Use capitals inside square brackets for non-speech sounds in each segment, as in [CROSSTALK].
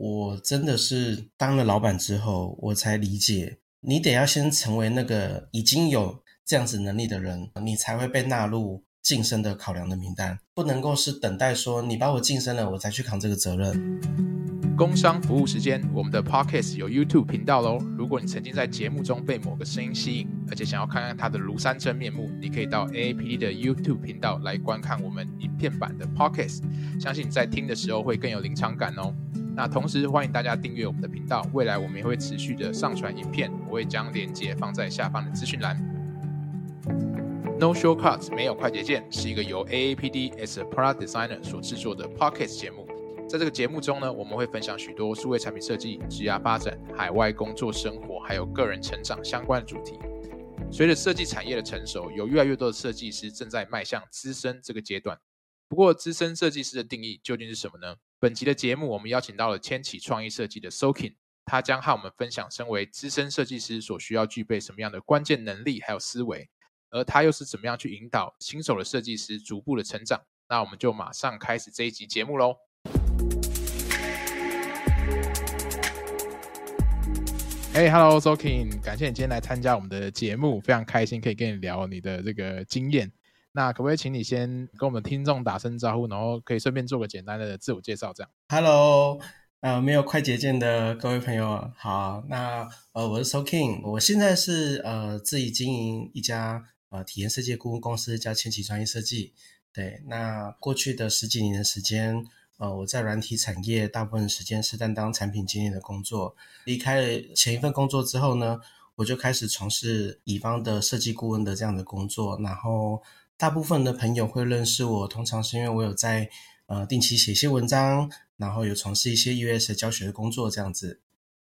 我真的是當了老闆之後，我才理解，你得要先成為那個已經有這樣子能力的人，你才會被納入晉升的考量的名單。不能夠是等待說你把我晉升了，我才去扛這個責任。工商服務時間，我們的 Podcast 有 YouTube 頻道嘍。如果你曾經在節目中被某個聲音吸引，而且想要看看它的廬山真面目，你可以到 AAPD 的 YouTube 頻道來觀看我們影片版的 Podcast，相信你在聽的時候會更有臨場感哦。那同時歡迎大家訂閱我們的頻道，未來我們也會持續的上傳影片，我會將鏈接放在下方的資訊欄。No Shortcuts 沒有快捷鍵是一個由 AAPD as a product designer 所製作的 Podcast 節目。在這個節目中呢，我們會分享許多數位產品設計、職涯發展、海外工作生活，還有個人成長相關的主題。隨着設計產業的成熟，有越來越多的設計師正在邁向資深這個階段。不過，資深設計師的定義究竟是什麼呢？本集的節目，我們邀請到了千啟創意設計的 Soking，他將和我們分享身為資深設計師所需要具備什麼樣的關鍵能力，還有思維，而他又是怎麼樣去引導新手的設計師逐步的成長。那我們就馬上開始這一集節目嘍。Hello，Soking 感謝你今天來參加我們的節目，非常開心可以跟你聊你的這個經驗。那可不可以請你先跟我們聽眾打聲招呼，然後可以順便做個簡單的自我介紹？這樣。Hello，呃，沒有快捷鍵的各位朋友，好，那呃，我是 Soking，我現在是呃自己經營一家呃體驗設計顧問公司，叫千禧專業設計。對，那過去的十幾年的時間。呃，我在軟體產業大部分時間是擔當產品經理的工作。離開了前一份工作之後呢，我就開始從事乙方的設計顧問的這樣的工作。然後大部分的朋友會認識我，通常是因為我有在呃定期寫一些文章，然後有從事一些 USA 教學的工作這樣子。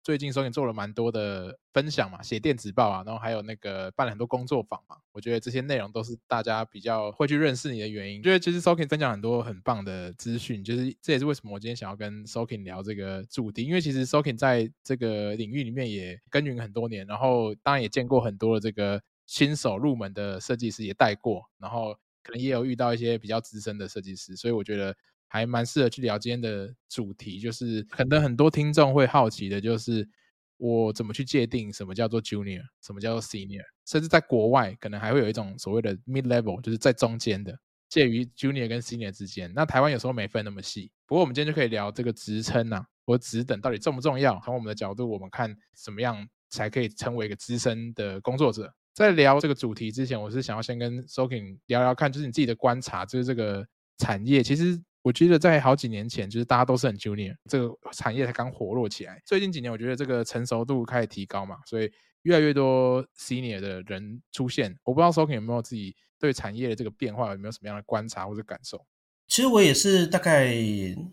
最近 Soking 做了蠻多的分享嘛，寫電子報啊，然後還有那個辦了很多工作坊嘛。我覺得這些內容都是大家比較會去認識你的原因。覺得其實 Soking 分享很多很棒的資訊，就是這也是為什麼我今天想要跟 Soking 聊這個主題，因為其實 Soking 在這個領域裡面也耕耘很多年，然後當然也見過很多的這個新手入門的設計師也帶過，然後可能也有遇到一些比較資深的設計師，所以我覺得還蠻適合去聊今天的主題，就是可能很多聽眾會好奇的，就是我怎麼去界定什麼叫做 junior，什麼叫做 senior，甚至在國外可能還會有一種所謂的 mid-level，就是在中間的，介於 junior 跟 senior 之間。那台灣有時候沒分那麼細，不過我們今天就可以聊這個職稱呢、啊，或職等到底重不重要？從我們的角度，我們看怎麼樣才可以成為一個資深的工作者。在聊這個主題之前，我是想要先跟 Soking 聊聊看，就是你自己的觀察，就是這個產業其實。我覺得在好幾年前，就是大家都是很 junior，這個產業才剛活絡起來。最近幾年，我覺得這個成熟度開始提高嘛，所以越來越多 senior 的人出現。我不知道 Soking 有沒有自己對產業的這個變化有沒有什麼樣的觀察或者感受？其實我也是大概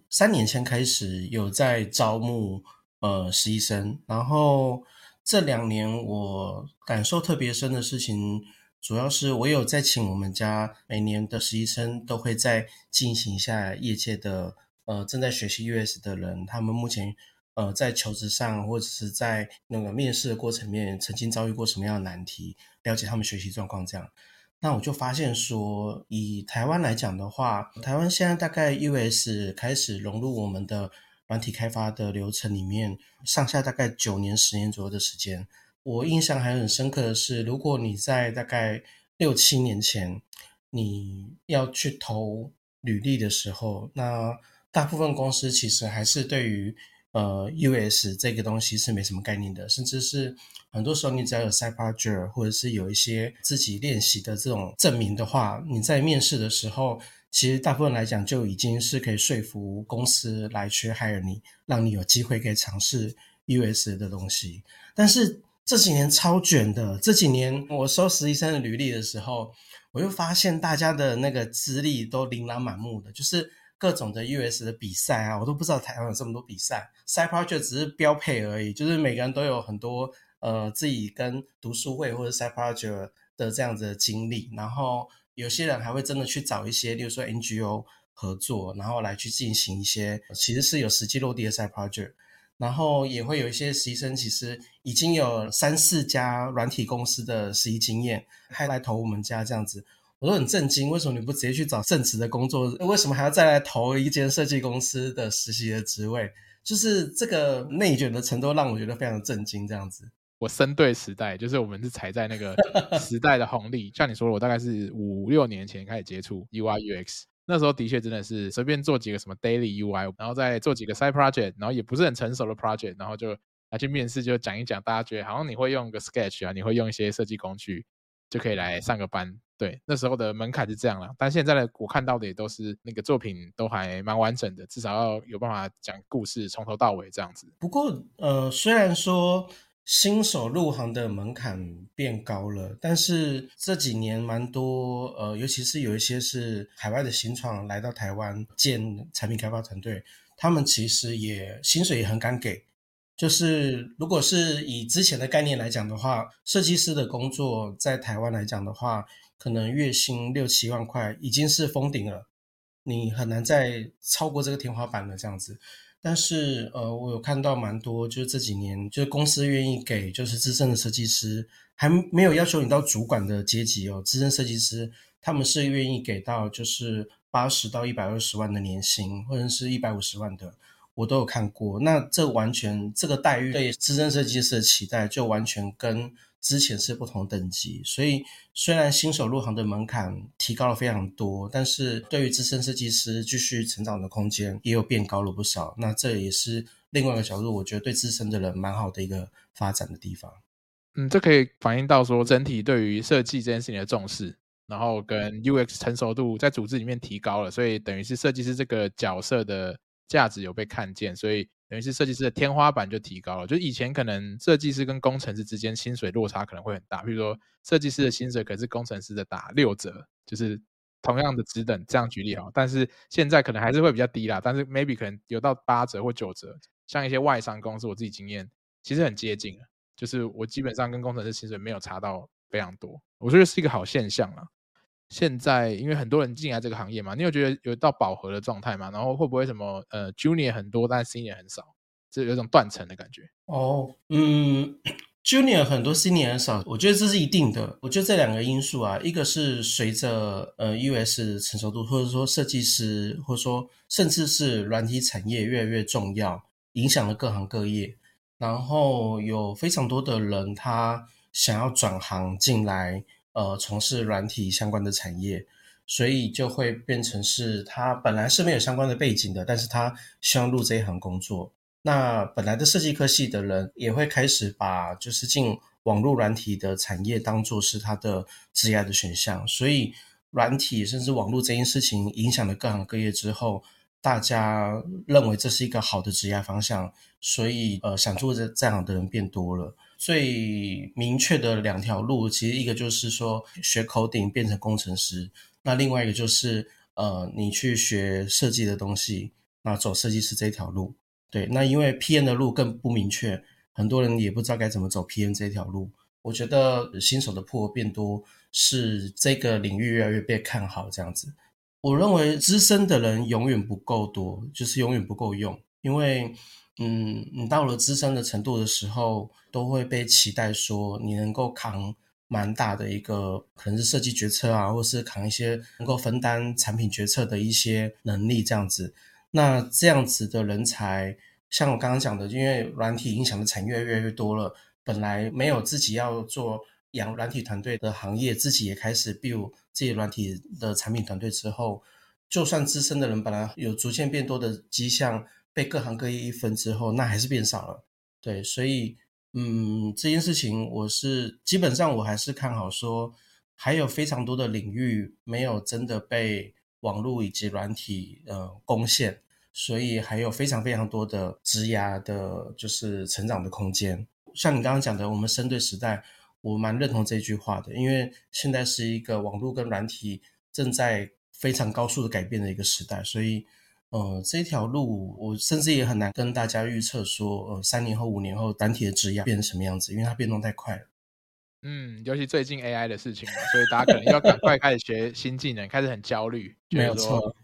三年前開始有在招募呃實習生，然後這兩年我感受特別深的事情，主要是我有在請我們家每年的實習生都會在進行一下業界的呃，正在學習 UX 的人，他們目前呃在求職上或者是在那個面試的過程面曾經遭遇過什麼樣的難題，了解他們學習狀況這樣。那我就發現說，以台灣來講的話，台灣現在大概 UX 開始融入我們的軟體開發的流程裡面，上下大概九年十年左右的時間。我印象還很深刻的是，如果你在大概六七年前你要去投履歷的時候，那大部分公司其實還是對於呃 UX 這個東西是沒什麼概念的，甚至是很多時候你只要有 Side Project 或者是有一些自己練習的這種證明的話，你在面試的時候，其實大部分來講就已經是可以說服公司來去 hire 你，讓你有機會可以嘗試 UX 的東西，但是這幾年超卷的。這幾年我收實習生的履歷的時候，我就發現大家的那個資歷都琳琅滿目的，就是各種的 US 的比賽啊，我都不知道台灣有這麼多比賽。Side Project 只是標配而已，就是每個人都有很多呃自己跟讀書會或者 Side Project 的這樣子的經歷，然後有些人還會真的去找一些，例如說 NGO 合作，然後來去進行一些其實是有實際落地的 Side Project。然後也會有一些實習生，其實已經有三四家軟體公司的實習經驗，還來投我們家這樣子，我都很震驚。為什麼你不直接去找正職的工作？為什麼還要再來投一間設計公司的實習的職位？就是這個內捲的程度讓我覺得非常震驚。這樣子，我生對時代，就是我們是踩在那個時代的紅利。 [LAUGHS] 像你說的，我大概是五六年前開始接觸 UI UX。那時候的確真的是隨便做幾個什麼 daily UI，然後再做幾個 side project，然後也不是很成熟的 project，然後就來去面試，就講一講，大家覺得好像你會用個 sketch 啊，你會用一些設計工具，就可以來上個班。對，那時候的門檻是這樣了。但現在的我看到的也都是那個作品都還蠻完整的，至少要有辦法講故事，從頭到尾這樣子。不過，呃，雖然說。新手入行的門檻變高了，但是這幾年蠻多，呃，尤其是有一些是海外的新創來到台灣建產品開發團隊，他們其實也薪水也很敢給。就是如果是以之前的概念來講的話，設計師的工作在台灣來講的話，可能月薪六七萬塊已經是封頂了，你很難再超過這個天花板了，這樣子。但是，呃，我有看到蠻多，就是這幾年，就是公司願意給就是資深的設計師，還沒有要求你到主管的階級哦，資深設計師，他們是願意給到就是八十到一百二十萬的年薪，或者是一百五十萬的。我都有看過，那這完全這個待遇對資深設計師的期待就完全跟之前是不同等級，所以雖然新手入行的門檻提高了非常多，但是對於資深設計師繼續成長的空間也有變高了不少。那這也是另外一個角度，我覺得對資深的人蠻好的一個發展的地方。嗯，這可以反映到說整體對於設計這件事情的重視，然後跟 UX 成熟度在組織裡面提高了，所以等於是設計師這個角色的價值有被看見，所以等於是設計師的天花板就提高了。就以前可能設計師跟工程師之間薪水落差可能會很大，譬如說設計師的薪水可是工程師的打六折，就是同樣的職等這樣舉例好。但是現在可能還是會比較低啦，但是 maybe 可能有到八折或九折，像一些外商公司，我自己經驗其實很接近，就是我基本上跟工程師薪水沒有差到非常多，我覺得是一個好現象了。現在，因為很多人進來這個行業嘛，你有覺得有到飽和的狀態嘛，然後會不會什麼呃，Junior 很多，但 Senior 很少，就有一種斷層的感覺？哦，嗯，Junior 很多，Senior 很少，我覺得這是一定的。我覺得這兩個因素啊，一個是隨着呃 US 成熟度，或者說設計師，或者說甚至是軟體產業越來越重要，影響了各行各業，然後有非常多的人他想要轉行進來。呃，從事軟體相關的產業，所以就會變成是他本來是沒有相關的背景的，但是他希望入這一行工作。那本來的設計科系的人也會開始把就是進網絡軟體的產業當做是他的職涯的選項。所以軟體甚至網絡這件事情影響了各行各業之後，大家認為這是一個好的職涯方向，所以呃，想做這這行的人變多了。最明確的兩條路，其實一個就是說學 coding 變成工程師，那另外一個就是呃，你去學設計的東西，那走設計師這條路。對，那因為 PM 的路更不明確，很多人也不知道該怎麼走 PM 這條路。我覺得新手的破變多是這個領域越來越被看好這樣子。我認為資深的人永遠不夠多，就是永遠不夠用，因為嗯，你到了資深的程度的時候，都會被期待說你能夠扛蠻大的一個，可能是設計決策啊，或是扛一些能夠分擔產品決策的一些能力這樣子。那這樣子的人才，像我剛剛講的，因為軟體影響的產業越來越多了，本來沒有自己要做養軟體團隊的行業，自己也開始 build 自己軟體的產品團隊之後，就算資深的人本來有逐漸變多的跡象。被各行各業一分之後，那還是變少了，對，所以，嗯，這件事情我是基本上我還是看好說，說還有非常多的領域沒有真的被網絡以及軟體呃攻陷，所以還有非常非常多的職涯的，就是成長的空間。像你剛剛講的，我們生對時代，我蠻認同這句話的，因為現在是一個網絡跟軟體正在非常高速的改變的一個時代，所以。呃，這條路我甚至也很難跟大家預測說，呃，三年後、五年後，單體的職涯變成什麼樣子，因為它變動太快了。嗯，尤其最近 AI 的事情嘛，所以大家可能要趕快開始學新技能， [LAUGHS] 開始很焦慮，沒有錯錯。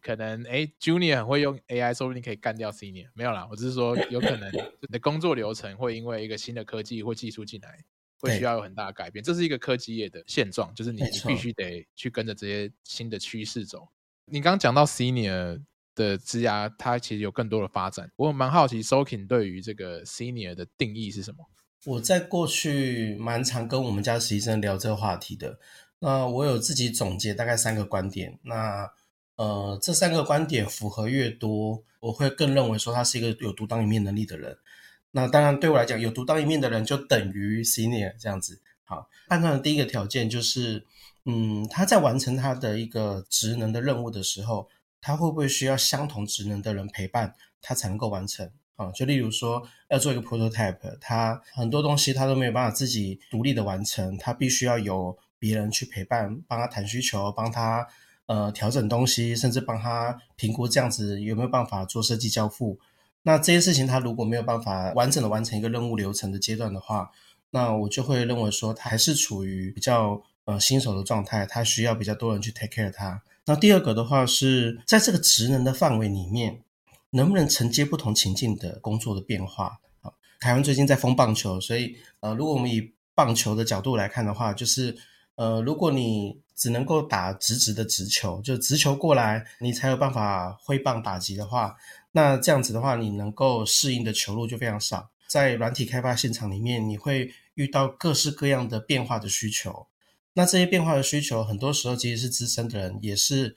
可能哎、欸、Junior 很會用 AI，說不定可以幹掉 Senior。沒有啦，我只是說有可能你的工作流程會因為一個新的科技或技術進來，會需要有很大的改變。對這是一個科技業的現狀，就是你你必須得去跟着這些新的趨勢走。錯你剛剛講到 Senior，的枝芽，它其實有更多的發展。我蠻好奇，Soking 對於這個 Senior 的定義是什麼？我在過去蠻常跟我們家實習生聊這個話題的。那我有自己總結大概三個觀點。那呃，這三個觀點符合越多，我會更認為說他是一個有獨當一面能力的人。那當然，對我來講，有獨當一面的人就等於 Senior 這樣子。好，判斷的第一個條件就是，嗯，他在完成他的一個職能的任務的時候。他會不會需要相同職能的人陪伴他才能夠完成啊？就例如說要做一個 prototype，他很多東西他都沒有辦法自己獨立的完成，他必須要有別人去陪伴，幫他談需求，幫他呃調整東西，甚至幫他評估這樣子有沒有辦法做設計交付。那這些事情他如果沒有辦法完整的完成一個任務流程的階段的話，那我就會認為說他還是處於比較呃新手的狀態，他需要比較多人去 take care 他。那第二個的話是，在這個職能的範圍裡面，能不能承接不同情境的工作的變化啊？台灣最近在瘋棒球，所以呃，如果我們以棒球的角度來看的話，就是呃，如果你只能夠打直直的直球，就直球過來，你才有辦法揮棒打擊的話，那這樣子的話，你能夠適應的球路就非常少。在軟體開發現場裡面，你會遇到各式各樣的變化的需求。那這些變化的需求，很多時候其實是資深的人也是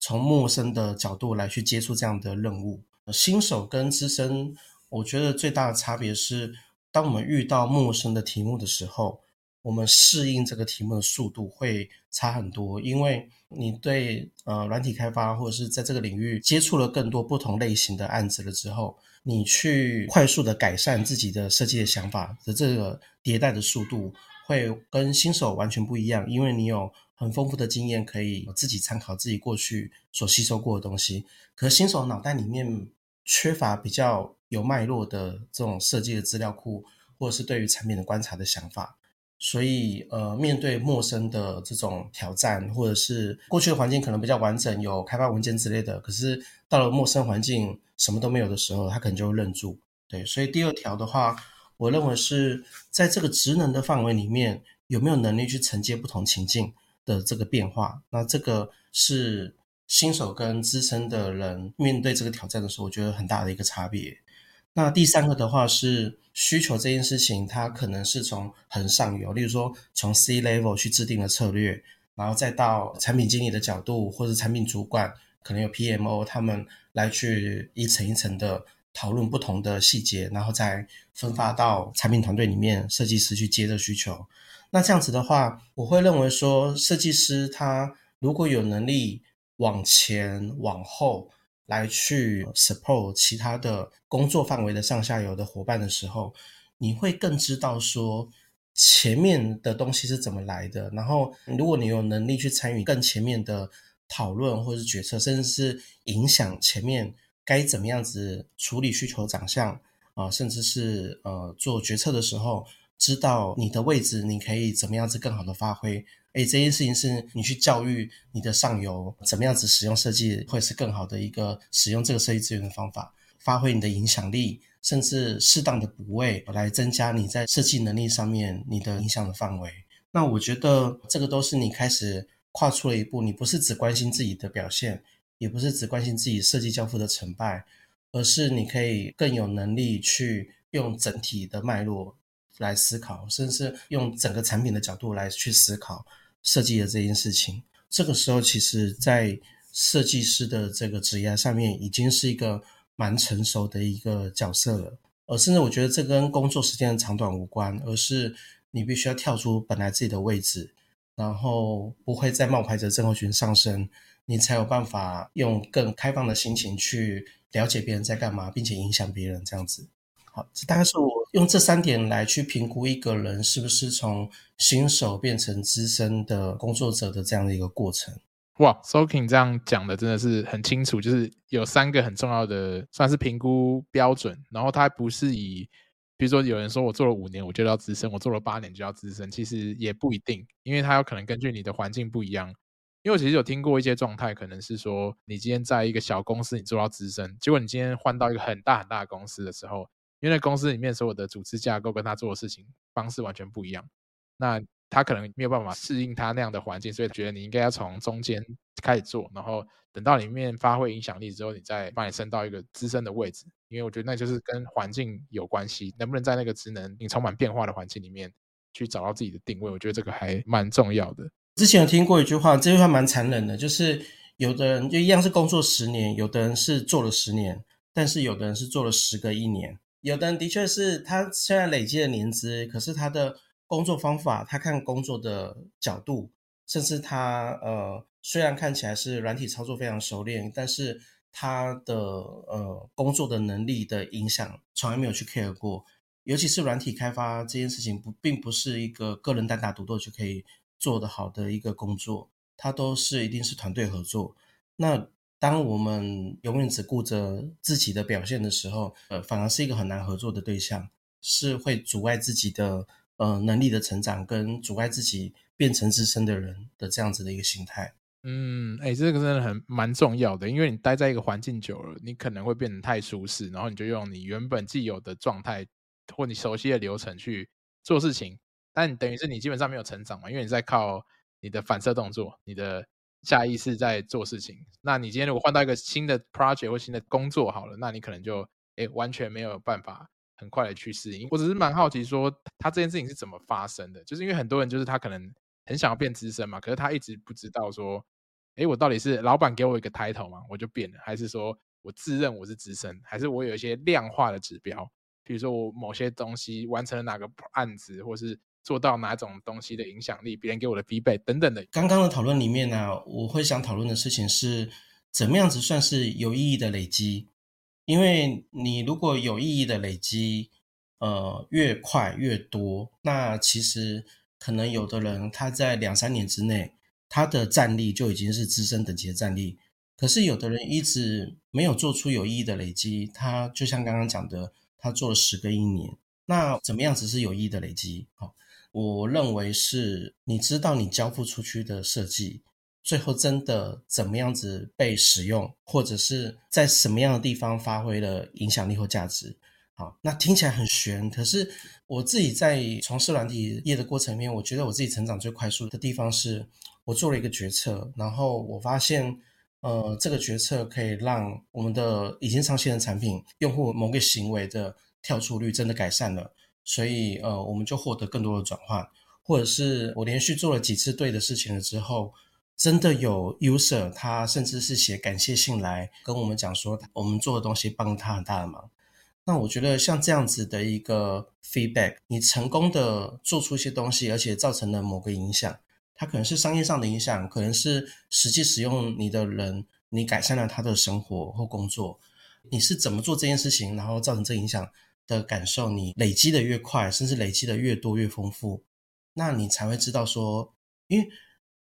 從陌生的角度來去接觸這樣的任務。新手跟資深，我覺得最大的差別是，當我們遇到陌生的題目的時候，我們適應這個題目的速度會差很多。因為你對，呃，軟體開發或者是在這個領域接觸了更多不同類型的案子了之後，你去快速的改善自己的設計的想法的這個迭代的速度。會跟新手完全不一樣，因為你有很豐富的經驗，可以自己參考自己過去所吸收過的東西。可是新手腦袋裡面缺乏比較有脈絡的這種設計的資料庫，或者是對於產品的觀察的想法，所以呃，面對陌生的這種挑戰，或者是過去的環境可能比較完整，有開發文件之類的。可是到了陌生環境，什麼都沒有的時候，他可能就會愣住。對，所以第二條的話。我認為是在這個職能的範圍裡面，有沒有能力去承接不同情境的這個變化，那這個是新手跟資深的人面對這個挑戰的時候，我覺得很大的一個差別。那第三個的話是需求這件事情，它可能是從橫上游，例如說從 C level 去制定的策略，然後再到產品經理的角度或者產品主管，可能有 PMO 他們來去一層一層的。討論不同的細節，然後再分發到產品團隊裡面，設計師去接的需求。那這樣子的話，我會認為說，設計師他如果有能力往前往後來去 support 其他的工作範圍的上下游的夥伴的時候，你會更知道說前面的東西是怎麼來的。然後，如果你有能力去參與更前面的討論或是決策，甚至是影響前面。該怎麼樣子處理需求長相啊、呃，甚至是呃做決策的時候，知道你的位置，你可以怎麼樣子更好的發揮。哎，這件事情是你去教育你的上游怎麼樣子使用設計，會是更好的一個使用這個設計資源的方法，發揮你的影響力，甚至適當的補位來增加你在設計能力上面你的影響的範圍。那我覺得這個都是你開始跨出了一步，你不是只關心自己的表現。也不是只關心自己設計交付的成敗，而是你可以更有能力去用整體的脈絡來思考，甚至用整個產品的角度來去思考設計的這件事情。這個時候，其實，在設計師的這個職業上面，已經是一個蠻成熟的一個角色了。而甚至我覺得這跟工作時間的長短無關，而是你必須要跳出本來自己的位置，然後不會再冒牌者症候群上升。你才有辦法用更開放的心情去了解別人在幹嘛，並且影響別人這樣子。好，這大概是我用這三點來去評估一個人是不是從新手變成資深的工作者的這樣的一個過程。哇，Soking 這樣講的真的是很清楚，就是有三個很重要的算是評估標準。然後他不是以，比如說有人說我做了五年我就要資深，我做了八年就要資深，其實也不一定，因為他有可能根據你的環境不一樣。因為我其實有聽過一些狀態，可能是說你今天在一個小公司，你做到資深，結果你今天換到一個很大很大的公司的時候，因為那公司裡面所有的組織架構跟他做的事情方式完全不一樣，那他可能沒有辦法適應他那樣的環境，所以覺得你應該要從中間開始做，然後等到裡面發揮影響力之後，你再把你升到一個資深的位置。因為我覺得那就是跟環境有關係，能不能在那個職能你充滿變化的環境裡面去找到自己的定位，我覺得這個還蠻重要的。之前有聽過一句話，這句話蠻殘忍的，就是有的人就一樣是工作十年，有的人是做了十年，但是有的人是做了十個一年。有的人的確是，他雖然累積了年資，可是他的工作方法，他看工作的角度，甚至他呃雖然看起來是軟體操作非常熟練，但是他的呃工作的能力的影響，從來沒有去 care 過。尤其是軟體開發這件事情不，不並不是一個個人單打獨鬥就可以。做得好的一個工作，它都是一定是團隊合作。那當我們永遠只顧着自己的表現的時候，呃，反而是一個很難合作的對象，是會阻礙自己的呃能力的成長，跟阻礙自己變成資深的人的這樣子的一個心態。嗯，哎、欸，這個真的很蠻重要的，因為你待在一個環境久了，你可能會變得太舒適，然後你就用你原本既有的狀態或你熟悉的流程去做事情。但等於是你基本上沒有成長嘛，因為你在靠你的反射動作、你的下意識在做事情。那你今天如果換到一個新的 project 或新的工作好了，那你可能就、欸、完全沒有辦法很快的去適應。我只是蠻好奇說他這件事情是怎麼發生的，就是因為很多人就是他可能很想要變資深嘛，可是他一直不知道說哎、欸、我到底是老板給我一個 title 嘛我就變了，還是說我自認我是資深，還是我有一些量化的指標，比如說我某些東西完成了哪個案子，或是做到哪種東西的影響力，別人給我的必備等等的。剛剛的討論裡面呢、啊，我會想討論的事情是，怎麼樣子算是有意義的累積？因為你如果有意義的累積，呃，越快越多，那其實可能有的人他在兩三年之內，他的戰力就已經是資深等級的戰力。可是有的人一直沒有做出有意義的累積，他就像剛剛講的，他做了十個一年，那怎麼樣子是有意義的累積？好。我認為是你知道你交付出去的設計，最後真的怎麼樣子被使用，或者是在什麼樣的地方發揮了影響力或價值。好，那聽起來很玄，可是我自己在從事軟體業的過程裡面，我覺得我自己成長最快速的地方是，我做了一個決策，然後我發現，呃，這個決策可以讓我們的已經上線的產品用戶某個行為的跳出率真的改善了。所以，呃，我們就獲得更多的轉換，或者是我連續做了幾次對的事情了之後，真的有 user 他甚至是寫感謝信來跟我們講說，我們做的東西幫了他很大的忙。那我覺得像這樣子的一個 feedback，你成功的做出一些東西，而且造成了某個影響，它可能是商業上的影響，可能是實際使用你的人，你改善了他的生活或工作，你是怎麼做這件事情，然後造成這影響的感受，你累積的越快，甚至累積的越多越豐富，那你才會知道說，因為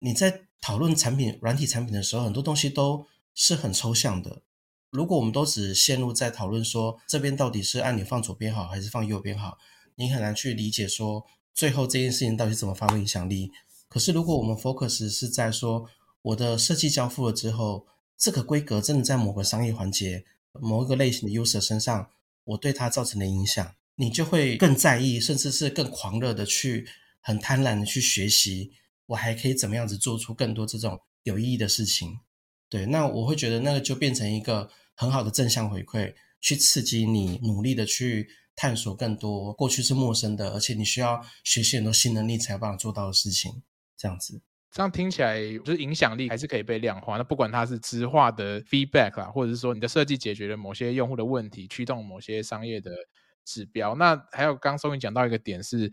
你在討論產品軟體產品的時候，很多東西都是很抽象的。如果我們都只陷入在討論說這邊到底是按鈕放左邊好，還是放右邊好，你很難去理解說最後這件事情到底怎麼發揮影響力。可是如果我們 focus 是在說我的設計交付了之後，這個規格真的在某個商業環節、某一個類型的 user 身上，我對他造成的影響，你就會更在意，甚至是更狂熱的去，很貪婪的去學習。我還可以怎麼樣子做出更多這種有意義的事情？對，那我會覺得那個就變成一個很好的正向回饋，去刺激你努力的去探索更多過去是陌生的，而且你需要學習很多新能力才有辦法做到的事情，這樣子。這樣聽起來，就是影響力還是可以被量化，那不管它是質化的 feedback 啦，或者是說你的設計解決了某些用戶的問題，驅動某些商業的指標。那還有剛、剛 Soking 講到一個點，是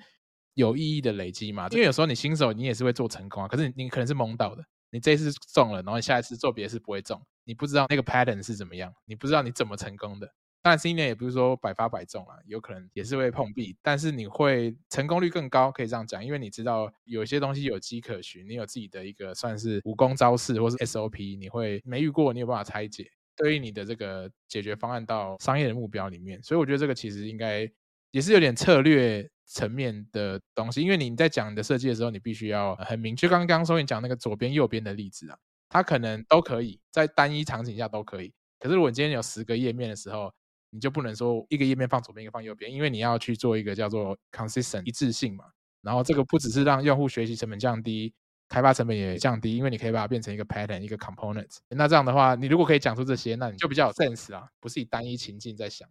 有意義的累積嘛？因為有時候你新手你也是會做成功啊，可是你，你可能是懵到的。你這一次中了，然後你下一次做別的事不會中，你不知道那個 pattern 是怎麼樣，你不知道你怎麼成功的。但是 Senior 也不是說百發百中啊，有可能也是會碰壁。但是你會成功率更高，可以這樣講，因為你知道有些東西有跡可循，你有自己的一個算是武功招式或是 SOP，你會沒遇過，你有辦法拆解，對於你的這個解決方案到商業的目標裡面。所以，我覺得這個其實應該也是有點策略層面的東西，因為你在講你的設計的時候，你必須要很明確。剛剛說你講那個左邊右邊的例子啊，它可能都可以在單一場景下都可以。可是，如果你今天有十個頁面的時候，你就不能說一個頁面放左邊，一個放右邊，因為你要去做一個叫做 consistent 一致性嘛。然後這個不只是讓用戶學習成本降低，開發成本也降低，因為你可以把它變成一個 pattern 一個 component。那這樣的話，你如果可以講出這些，那你就比較有 sense 啊，不是以單一情境在想。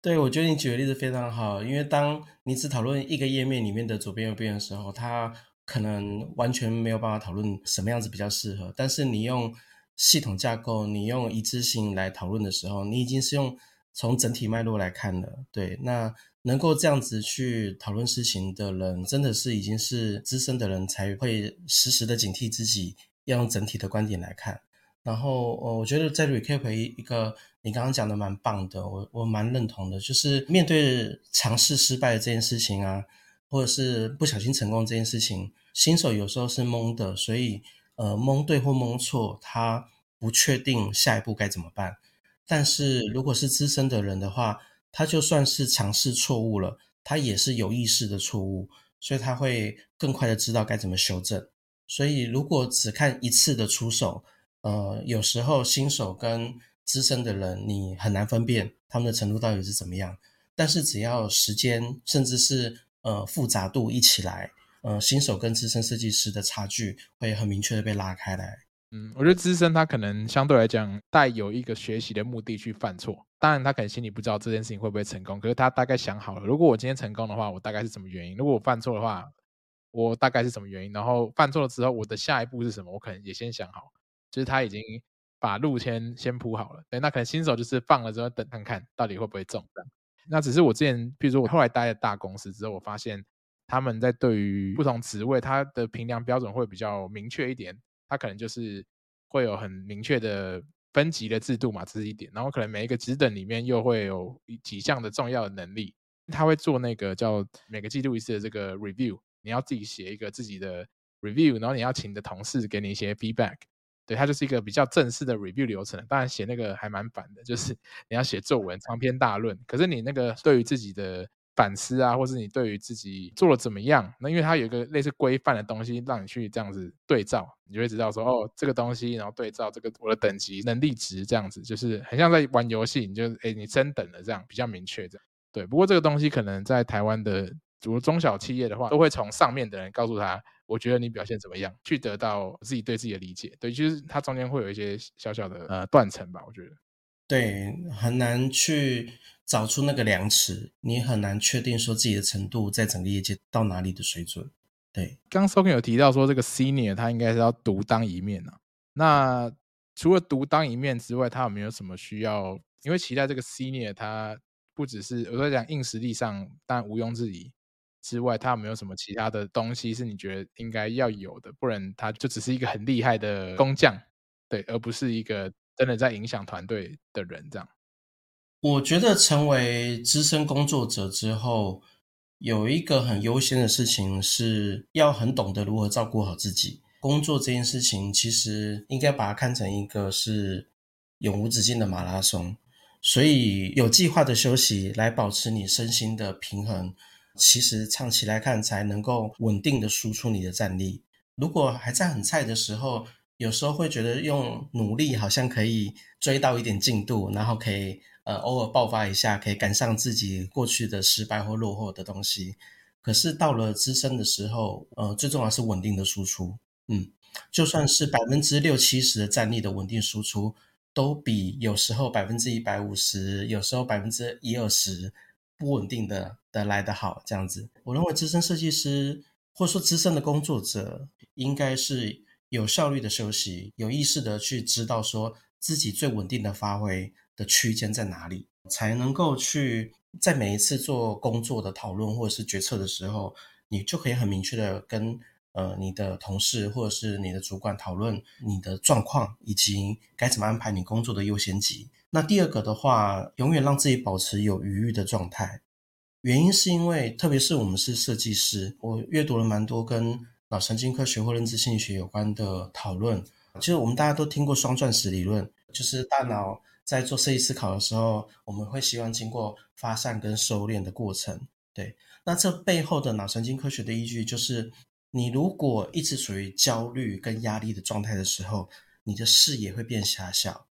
對，我覺得你舉的例子非常好，因為當你只討論一個頁面裡面的左邊右邊的時候，它可能完全沒有辦法討論什麼樣子比較適合。但是你用系統架構，你用一致性來討論的時候，你已經是用。從整體脈絡來看的，對，那能夠這樣子去討論事情的人，真的是已經是資深的人才會時時的警惕自己，要用整體的觀點來看。然後，呃，我覺得再 recap 回一個你剛剛講的蠻棒的，我我蠻認同的，就是面對嘗試失敗的這件事情啊，或者是不小心成功這件事情，新手有時候是懵的，所以呃，懵對或懵錯，他不確定下一步該怎麼辦。但是，如果是資深的人的話，他就算是嘗試錯誤了，他也是有意識的錯誤，所以他會更快的知道該怎麼修正。所以，如果只看一次的出手，呃，有時候新手跟資深的人你很難分辨他們的程度到底是怎麼樣。但是，只要時間甚至是呃複雜度一起來，呃，新手跟資深設計師的差距會很明確的被拉開來。嗯，我覺得資深他可能相對來講帶有一個學習的目的去犯錯，當然他可能心裡不知道這件事情會不會成功，可是他大概想好了，如果我今天成功的話，我大概是什麼原因；如果我犯錯的話，我大概是什麼原因。然後犯錯了之後，我的下一步是什麼？我可能也先想好，就是他已經把路先先鋪好了。對，那可能新手就是放了之後等他看看到底會不會中。那只是我之前，比如說我後來待在大公司之後，我發現他們在對於不同職位，他的評量標準會比較明確一點。他可能就是會有很明確的分級的制度嘛，這是一點。然後可能每一個職等裡面又會有幾項的重要的能力，他會做那個叫每個季度一次的這個 review，你要自己寫一個自己的 review，然後你要請你的同事給你一些 feedback，對，他就是一個比較正式的 review 流程。當然寫那個還蠻煩的，就是你要寫作文、長篇大論。可是你那個對於自己的反思啊，或是你對於自己做得怎麼樣？那因為它有一個類似規範的東西，讓你去這樣子對照，你就會知道說，哦，這個東西，然後對照這個我的等級能力值這樣子，就是很像在玩遊戲，你就哎，你升等了這樣，比較明確這樣。對，不過這個東西可能在台灣的比如中小企業的話，都會從上面的人告訴他，我覺得你表現怎麼樣，去得到自己對自己的理解。對，就是它中間會有一些小小的呃斷層吧，我覺得。對，很難去找出那個量尺，你很難確定說自己的程度在整個業界到哪裡的水準。對，剛 Soking 有提到說這個 senior 他應該是要獨當一面吶、啊。那除了獨當一面之外，他有沒有什麼需要？因為其他這個 senior 他不只是我在講硬實力上，但毋庸置疑之外，他有沒有什麼其他的東西是你覺得應該要有的？不然他就只是一個很厲害的工匠，對，而不是一個。真的在影響團隊的人這樣，我覺得成為資深工作者之後，有一個很優先的事情是要很懂得如何照顧好自己。工作這件事情其實應該把它看成一個是永無止境的馬拉松，所以有計劃的休息來保持你身心的平衡，其實長期來看才能夠穩定的輸出你的戰力。如果還在很菜的時候，有時候會覺得用努力好像可以追到一點進度，然後可以呃偶爾爆發一下，可以趕上自己過去的失敗或落後的東西。可是到了資深的時候，呃，最重要的是穩定的輸出。嗯，就算是百分之六七十的戰力的穩定輸出，都比有時候百分之一百五十，有時候百分之一二十不穩定的得來得好。這樣子，我認為資深設計師或說資深的工作者應該是。有效率的休息，有意識的去知道說自己最穩定的發揮的區間在哪裡，才能夠去在每一次做工作的討論或者是決策的時候，你就可以很明確的跟呃你的同事或者是你的主管討論你的狀況以及該怎麼安排你工作的優先級。那第二個的話，永遠讓自己保持有餘裕的狀態，原因是因為特別是我們是設計師，我閱讀了蠻多跟。腦神經科學或認知心理學有關的討論，其實我們大家都聽過雙鑽石理論，就是大腦在做設計思考的時候，我們會希望經過發散跟收斂的過程。對，那這背後的腦神經科學的依據就是，你如果一直處於焦慮跟壓力的狀態的時候，你的視野會變狹小，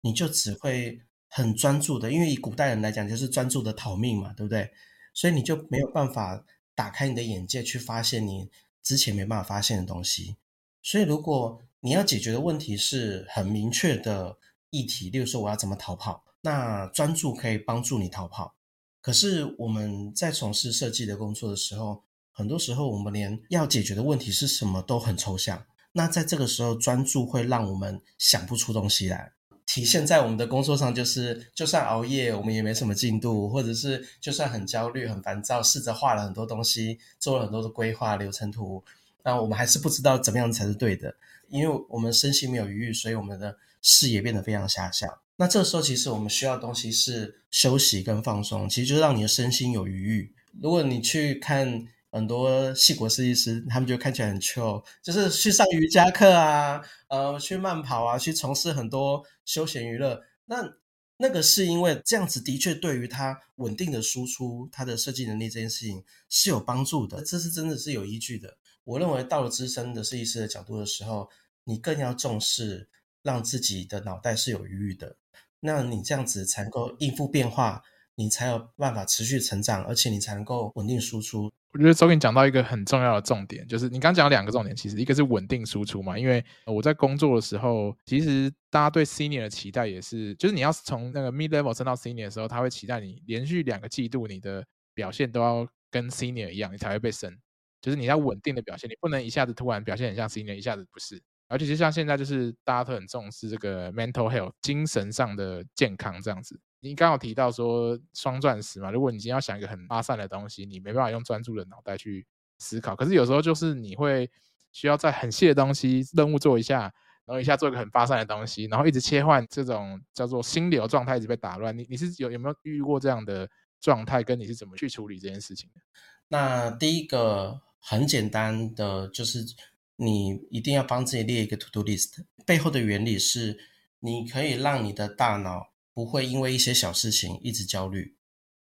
你就只會很專注的，因為以古代人來講就是專注的逃命嘛，對不對？所以你就沒有辦法打開你的眼界去發現你。之前沒辦法發現的東西，所以如果你要解決的問題是很明確的議題，例如說我要怎麼逃跑，那專注可以幫助你逃跑。可是我們在從事設計的工作的時候，很多時候我們連要解決的問題是什麼都很抽象，那在這個時候專注會讓我們想不出東西來。體現在我們的工作上，就是就算熬夜，我們也沒什麼進度；或者是就算很焦慮、很煩躁，試着畫了很多東西，做了很多的規劃、流程圖，那我們還是不知道怎麼樣才是對的，因為我們身心沒有餘裕，所以我們的視野變得非常狹小。那這時候，其實我們需要的東西是休息跟放鬆，其實就是讓你的身心有餘裕。如果你去看。很多矽谷設計師，他們就看起來很 chill，就是去上瑜伽課啊，呃，去慢跑啊，去從事很多休閒娛樂。那那個是因為這樣子的確對於他穩定的輸出，他的設計能力這件事情是有幫助的，這是真的是有依據的。我認為到了資深的設計師的角度的時候，你更要重視讓自己的腦袋是有餘裕的，那你這樣子才能夠應付變化。你才有辦法持續成長，而且你才能夠穩定輸出。我覺得周宇講到一個很重要的重點，就是你剛剛講了兩個重點，其實一個是穩定輸出嘛。因為我在工作的時候，其實大家對 senior 的期待也是，就是你要從那個 mid-level 升到 senior 的時候，他會期待你連續兩個季度你的表現都要跟 senior 一樣，你才會被升。就是你要穩定的表現，你不能一下子突然表現很像 senior，一下子不是。而且其實像現在，就是大家都很重視這個 mental health，精神上的健康這樣子。你剛剛有提到說雙鑽石嘛？如果你今天要想一個很發散的東西，你沒辦法用專注的腦袋去思考。可是有時候就是你會需要在很細的東西任務做一下，然後一下做一個很發散的東西，然後一直切換這種叫做心流狀態，一直被打亂。你你是有有沒有遇過這樣的狀態？跟你是怎麼去處理這件事情的？那第一個很簡單的就是你一定要幫自己列一個 to do list。背後的原理是，你可以讓你的大腦。不會因為一些小事情一直焦慮，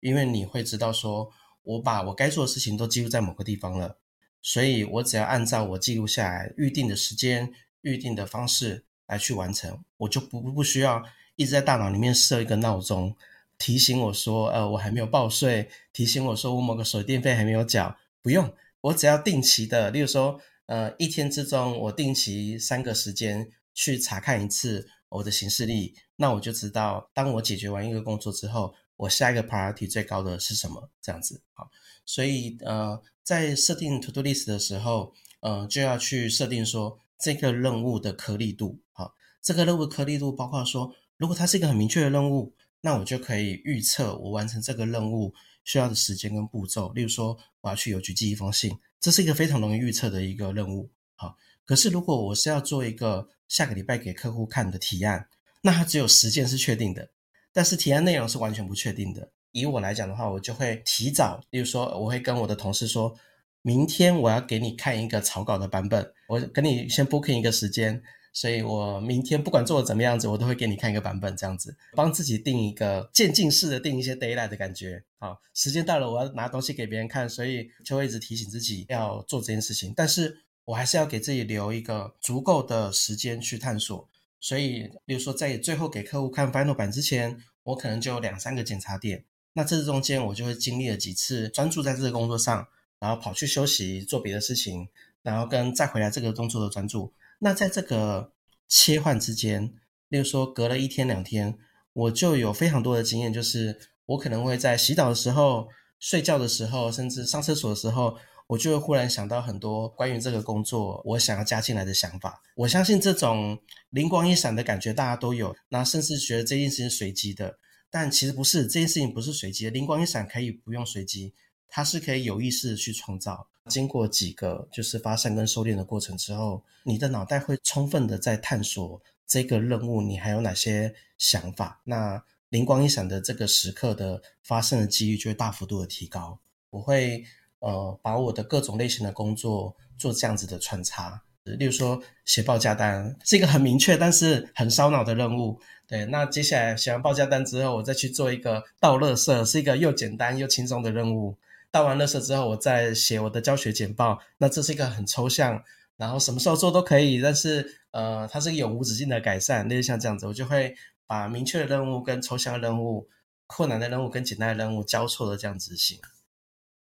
因為你會知道說，說我把我該做的事情都記錄在某個地方了，所以我只要按照我記錄下來預定的時間、預定的方式來去完成，我就不不不需要一直在大腦裡面設一個鬧鐘提醒我說，呃，我還沒有報稅，提醒我說我某個水電費還沒有繳，不用，我只要定期的，例如說，呃，一天之中我定期三個時間去查看一次。我的行事曆，那我就知道，當我解決完一個工作之後，我下一個 priority 最高的是什麼？這樣子好，所以呃，在設定 to do list 的時候，呃，就要去設定說這個任務的顆粒度好，這個任務的顆粒度包括說，如果它是一個很明確的任務，那我就可以預測我完成這個任務需要的時間跟步驟。例如說，我要去郵局寄一封信，這是一個非常容易預測的一個任務好，可是如果我是要做一個下個禮拜給客戶看的提案，那它只有時間是確定的，但是提案內容是完全不確定的。以我來講的話，我就會提早，例如說，我會跟我的同事說，明天我要給你看一個草稿的版本，我給你先 booking 一個時間，所以我明天不管做的怎麼樣子，我都會給你看一個版本，這樣子幫自己定一個漸進式的定一些 daylight 的感覺。好，時間到了，我要拿東西給別人看，所以就會一直提醒自己要做這件事情，但是，我還是要給自己留一個足夠的時間去探索，所以，例如說，在最後給客戶看 final 版之前，我可能就有兩三個檢查點。那這中間，我就會經歷了幾次專注在這個工作上，然後跑去休息做別的事情，然後跟再回來這個動作的專注。那在這個切換之間，例如說隔了一天兩天，我就有非常多的經驗，就是我可能會在洗澡的時候、睡覺的時候，甚至上廁所的時候。我就會忽然想到很多關於這個工作我想要加進來的想法。我相信這種靈光一閃的感覺大家都有。那甚至覺得這件事情隨機的，但其實不是這件事情不是隨機的。靈光一閃可以不用隨機，它是可以有意識的去創造。經過幾個就是發散跟收斂的過程之後，你的腦袋會充分的在探索這個任務，你還有哪些想法？那靈光一閃的這個時刻的發生的機率就會大幅度的提高。我會。呃，把我的各種類型的工作做這樣子的穿插，例如說，寫報價單是一個很明確但是很燒腦的任務，對。那接下來寫完報價單之後，我再去做一個倒垃圾，是一個又簡單又輕鬆的任務。倒完垃圾之後，我再寫我的教學簡報，那這是一個很抽象，然後什麼時候做都可以，但是呃，它是一個永無止境的改善。例如像這樣子，我就會把明確的任務跟抽象的任務，困難的任務跟簡單的任務交錯的這樣執行。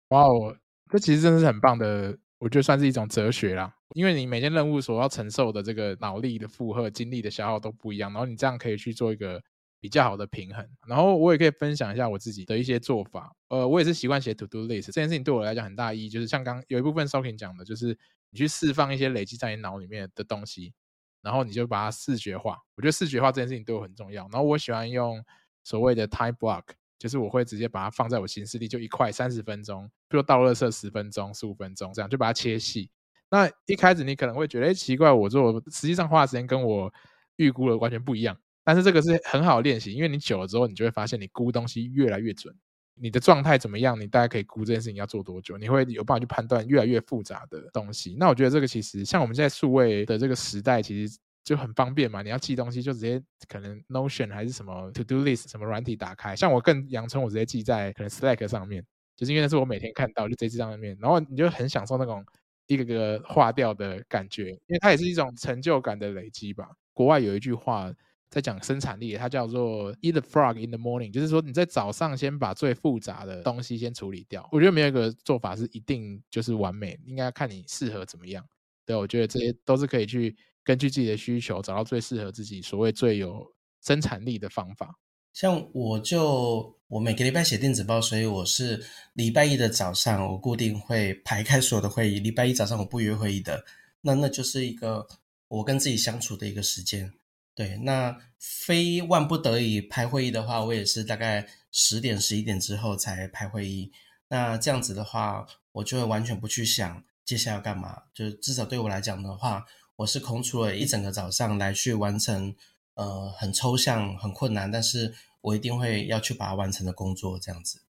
哇哦！這其實真的是很棒的，我覺得算是一種哲學啦。因為你每件任務所要承受的這個腦力的負荷、精力的消耗都不一樣，然後你這樣可以去做一個比較好的平衡。然後我也可以分享一下我自己的一些做法。呃，我也是習慣寫 To Do List，這件事情對我來講很大意義，就是像剛有一部分 Soking 講的，就是你去釋放一些累積在你腦裡面的東西，然後你就把它視覺化。我覺得視覺化這件事情對我很重要。然後我喜歡用所謂的 Time Block。就是我會直接把它放在我行事曆，就一塊三十分鐘，比如倒垃圾十分鐘、十五分鐘這樣，就把它切細。那一開始你可能會覺得，欸、奇怪，我做實際上花的時間跟我預估的完全不一樣。但是這個是很好的練習，因為你久了之後，你就會發現你估東西越來越準。你的狀態怎麼樣？你大概可以估這件事情要做多久？你會有辦法去判斷越來越複雜的東西。那我覺得這個其實像我們現在數位的這個時代，其實。就很方便嘛，你要記東西就直接可能 Notion 還是什麼 To Do List 什麼軟體打開，像我更陽春，我直接記在可能 Slack 上面，就是因為那是我每天看到就在這上面，然後你就很享受那種一個個劃掉的感覺，因為它也是一種成就感的累積吧。國外有一句話在講生產力，它叫做 Eat the Frog in the morning，就是說你在早上先把最複雜的東西先處理掉。我覺得沒有一個做法是一定就是完美，應該要看你適合怎麼樣。對，我覺得這些都是可以去。根據自己的需求，找到最適合自己所謂最有生產力的方法。像我就我每個禮拜寫電子報，所以我是禮拜一的早上，我固定會排開所有的會議。禮拜一早上我不約會議的，那那就是一個我跟自己相處的一個時間。對，那非萬不得已排會議的話，我也是大概十點十一點之後才排會議。那這樣子的話，我就會完全不去想接下來要幹嘛。就至少對我來講的話。我是空出了一整個早上來去完成，呃，很抽象、很困難，但是我一定會要去把它完成的工作這樣子。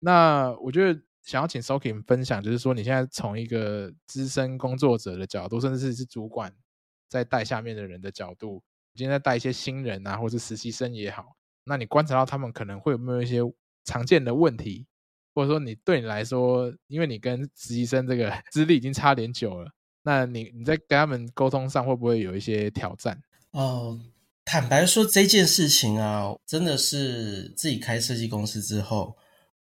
那我覺得想要請 Soking 分享，就是說你現在從一個資深工作者的角度，甚至是主管在帶下面的人的角度，你現在帶一些新人啊，或者實習生也好，那你觀察到他們可能會有沒有一些常見的問題，或者說你對你來說，因為你跟實習生這個資歷已經差點久了。那你你在跟他們溝通上會不會有一些挑戰？哦、呃，坦白說這件事情啊，真的是自己開設計公司之後，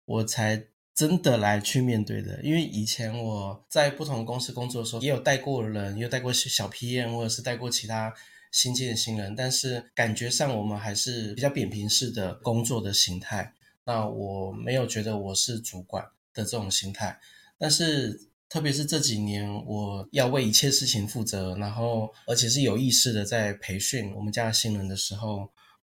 我才真的來去面對的。因為以前我在不同的公司工作的時候，也有帶過人，也有帶過小 PM，或者是帶過其他新進的新人，但是感覺上我們還是比較扁平式的工作的形態。那我沒有覺得我是主管的這種心態，但是。特別是這幾年，我要為一切事情負責，然後而且是有意識的在培訓我們家的新人的時候，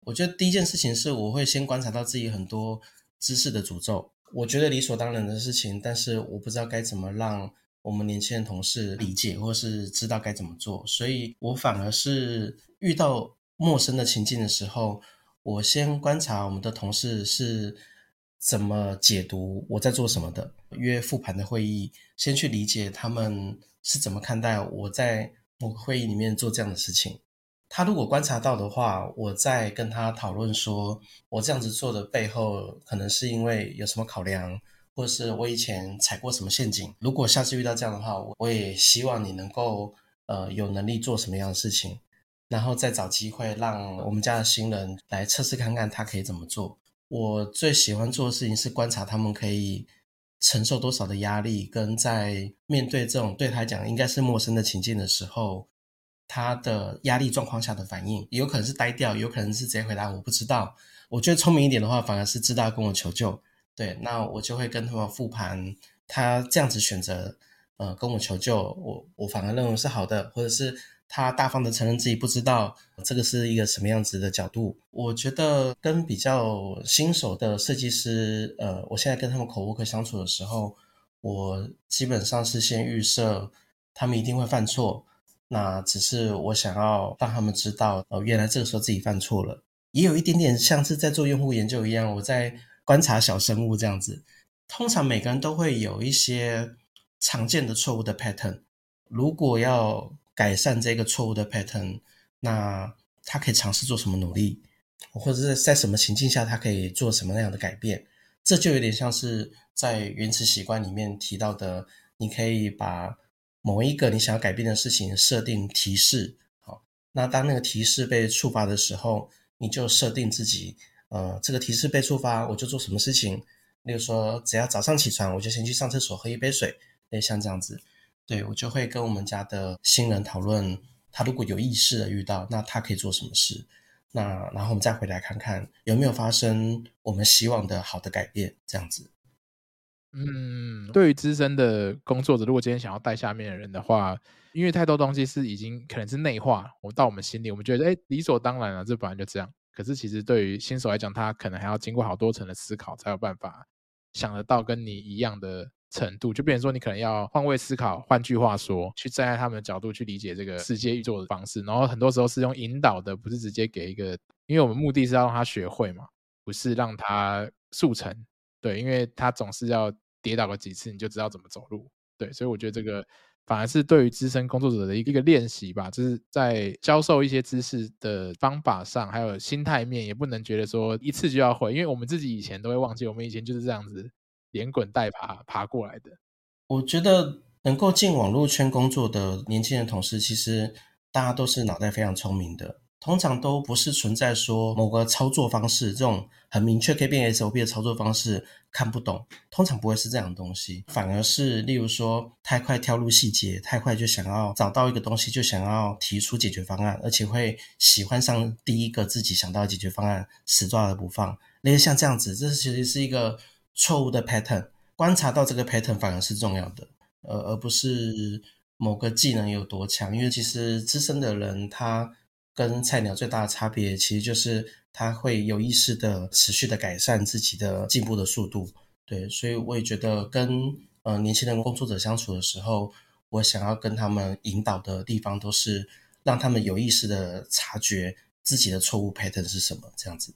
我覺得第一件事情是我會先觀察到自己很多知識的詛咒，我覺得理所當然的事情，但是我不知道該怎麼讓我們年輕人同事理解，或是知道該怎麼做，所以我反而是遇到陌生的情境的時候，我先觀察我們的同事是。怎麼解讀我在做什麼的？約復盤的會議，先去理解他們是怎麼看待我在某個會議裡面做這樣的事情。他如果觀察到的話，我再跟他討論說，我這樣子做的背後可能是因為有什麼考量，或者是我以前踩過什麼陷阱。如果下次遇到這樣的話，我也希望你能夠呃有能力做什麼樣的事情，然後再找機會讓我們家的新人來測試看看他可以怎麼做。我最喜歡做的事情是觀察他們可以承受多少的壓力，跟在面對這種對他講應該是陌生的情境的時候，他的壓力狀況下的反應，有可能是呆掉，有可能是直接回答我不知道。我覺得聰明一點的話，反而是知道要跟我求救。對，那我就會跟他們復盤，他這樣子選擇，呃，跟我求救，我我反而認為是好的，或者是。他大方的承認自己不知道這個是一個什麼樣子的角度，我覺得跟比較新手的設計師，呃，我現在跟他們 co-work 相處的時候，我基本上是先預設他們一定會犯錯，那只是我想要讓他們知道，哦、呃，原來這個時候自己犯錯了，也有一點點像是在做用戶研究一樣，我在觀察小生物這樣子。通常每個人都會有一些常見的錯誤的 pattern，如果要。改善這個錯誤的 pattern，那他可以嘗試做什麼努力，或者是在什麼情境下他可以做什麼那樣的改變？這就有點像是在原子習慣裡面提到的，你可以把某一個你想要改變的事情設定提示，好，那當那個提示被觸發的時候，你就設定自己，呃，這個提示被觸發，我就做什麼事情，例如說，只要早上起床，我就先去上廁所喝一杯水，哎，像這樣子。對，我就會跟我們家的新人討論，他如果有意識的遇到，那他可以做什麼事？那然後我們再回來看看有沒有發生我們希望的好的改變，這樣子。嗯，對於資深的工作者，如果今天想要帶下面的人的話，因為太多東西是已經可能是內化，我到我們心裡，我們覺得誒，理所當然了，這本來就這樣。可是其實對於新手來講，他可能還要經過好多層的思考，才有辦法想得到跟你一樣的。程度就變成說，你可能要換位思考。換句話說，去站在他們的角度去理解這個世界運作的方式。然後很多時候是用引導的，不是直接給一個，因為我們目的是要讓他學會嘛，不是讓他速成。對，因為他總是要跌倒了幾次，你就知道怎麼走路。對，所以我覺得這個反而是對於資深工作者的一個練習吧，就是在教授一些知識的方法上，還有心態面，也不能覺得說一次就要會，因為我們自己以前都會忘記，我們以前就是這樣子。連滾帶爬爬過來的，我覺得能夠進網絡圈工作的年輕人同事，其實大家都是腦袋非常聰明的，通常都不是存在說某個操作方式這種很明確可以變 SOP 的操作方式看不懂，通常不會是這樣的東西，反而是例如說太快跳入細節，太快就想要找到一個東西，就想要提出解決方案，而且會喜歡上第一個自己想到的解決方案，死抓而不放。例如像這樣子，這其實是一個錯誤的 pattern，觀察到這個 pattern 反而是重要的，呃，而不是某個技能有多強。因為其實資深的人，他跟菜鳥最大的差別，其實就是他會有意識的持續的改善自己的進步的速度。對，所以我也覺得跟呃年輕人工作者相處的時候，我想要跟他們引導的地方，都是讓他們有意識的察覺自己的錯誤 pattern 是什麼，這樣子。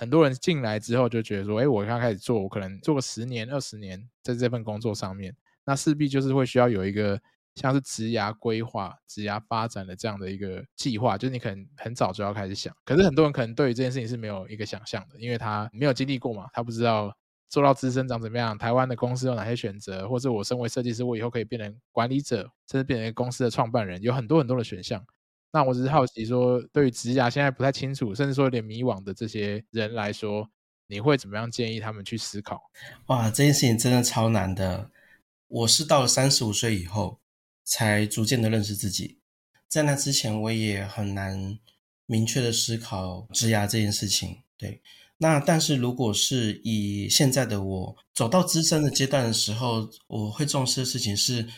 很多人進來之後就覺得說，哎，我剛開始做，我可能做個十年、二十年，在這份工作上面，那勢必就是會需要有一個像是職涯規劃、職涯發展的這樣的一個計劃，就是你可能很早就要開始想。可是很多人可能對於這件事情是沒有一個想象的，因為他沒有經歷過嘛，他不知道做到資深長怎麼樣，台灣的公司有哪些選擇，或者我身為設計師，我以後可以變成管理者，甚至變成一個公司的創辦人，有很多很多的選項。那我只是好奇說，對於職涯現在不太清楚，甚至說有點迷惘的這些人來說，你會怎麼樣建議他們去思考？哇，這件事情真的超難的。我是到了三十五歲以後，才逐漸的認識自己。在那之前，我也很難明確的思考職涯這件事情。對，那但是如果是以現在的我走到資深的階段的時候，我會重視的事情是。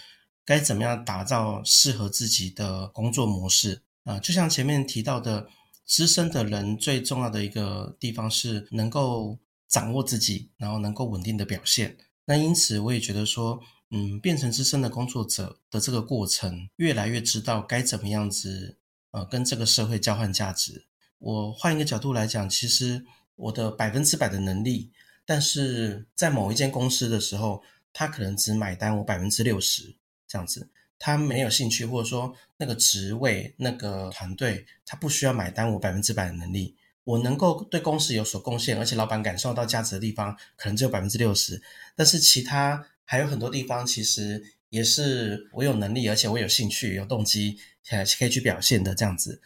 該怎麼樣打造適合自己的工作模式啊、呃？就像前面提到的，資深的人最重要的一個地方是能夠掌握自己，然後能夠穩定的表現。那因此，我也覺得說，嗯，變成資深的工作者的這個過程，越來越知道該怎麼樣子，呃，跟這個社會交換價值。我換一個角度來講，其實我的百分之百的能力，但是在某一間公司的時候，他可能只買單我百分之六十。這樣子，他沒有興趣，或者說那個職位、那個團隊，他不需要買單我百分之百的能力。我能夠對公司有所貢獻，而且老板感受到價值的地方，可能只有百分之六十。但是其他還有很多地方，其實也是我有能力，而且我有興趣、有動機，呃，可以去表現的這樣子。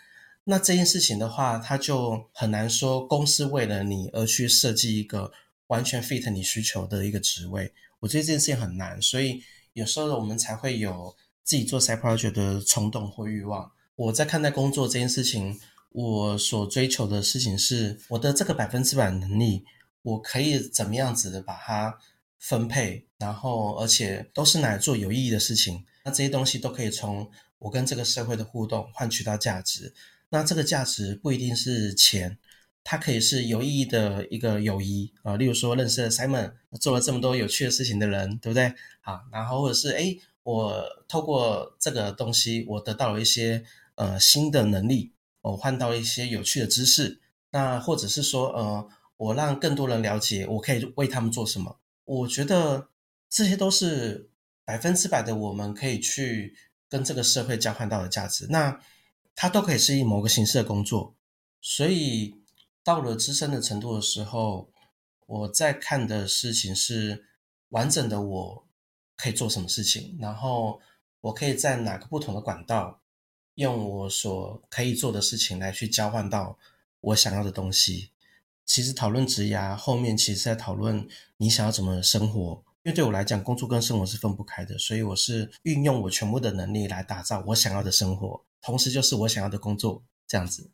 那這件事情的話，他就很難說公司為了你而去設計一個完全 fit 你需求的一個職位。我覺得這件事情很難，所以。有時候我們才會有自己做 side project 的衝動或慾望。我在看待工作這件事情，我所追求的事情是，我的這個百分之百能力，我可以怎麼樣子的把它分配，然後而且都是拿來做有意義的事情。那這些東西都可以從我跟這個社會的互動換取到價值。那這個價值不一定是錢。它可以是有意義的一個友誼啊、呃，例如說認識了 Simon，做了這麼多有趣的事情的人，對不對？好，然後或者是，誒，我透過這個東西，我得到了一些呃新的能力，我、呃、換到了一些有趣的知識，那或者是說呃，我讓更多人了解，我可以為他們做什麼。我覺得這些都是百分之百的，我們可以去跟這個社會交換到的價值。那它都可以是以某個形式的工作，所以。到了資深的程度的時候，我在看的事情是完整的，我可以做什麼事情，然後我可以在哪個不同的管道，用我所可以做的事情來去交換到我想要的東西。其實討論職涯，後面其實在討論你想要怎麼生活，因為對我來講，工作跟生活是分不開的，所以我是運用我全部的能力來打造我想要的生活，同時就是我想要的工作這樣子。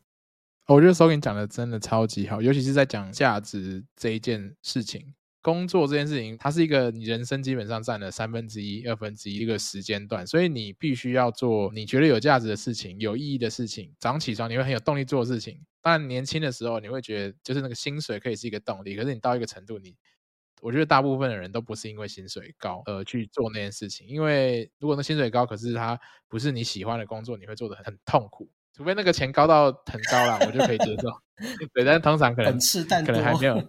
哦、我覺得 Soking 講的真的超級好，尤其是在講價值這一件事情、工作這件事情，它是一個你人生基本上占了三分之一、二分之一一個時間段，所以你必須要做你覺得有價值的事情、有意義的事情。早上起床你會很有動力做事情，但年輕的時候你會覺得就是那個薪水可以是一個動力，可是你到一個程度你，你我覺得大部分的人都不是因為薪水高而去做那件事情，因為如果那薪水高，可是它不是你喜歡的工作，你會做得很痛苦。除非那個錢高到很高了，我就可以接受。 [LAUGHS] [LAUGHS] 對，但是通常可能 [LAUGHS] 可能還沒有。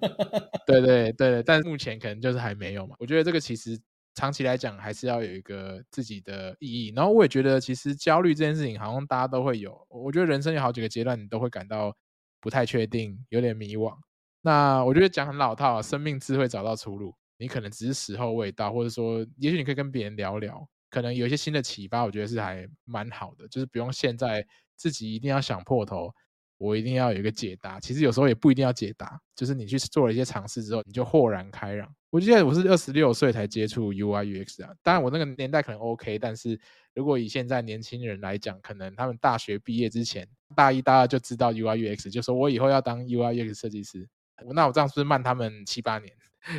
對，對對對，但目前可能就是還沒有嘛。我覺得這個其實長期來講還是要有一個自己的意義。然後我也覺得其實焦慮這件事情，好像大家都會有。我覺得人生有好幾個階段，你都會感到不太確定，有點迷惘。那我覺得講很老套，啊，生命自會找到出路，你可能只是時候未到，或者說也許你可以跟別人聊聊，可能有一些新的啟發。我覺得是還蠻好的，就是不用現在。自己一定要想破頭，我一定要有一個解答。其實有時候也不一定要解答，就是你去做了一些嘗試之後，你就豁然開朗。我記得我是二十六歲才接觸 U I U X 啊，當然我那個年代可能 OK，但是如果以現在年輕人來講，可能他們大學畢業之前，大一、大二就知道 U I U X，就說我以後要當 U I U X 設計師。那我這樣是不是慢他們七八年？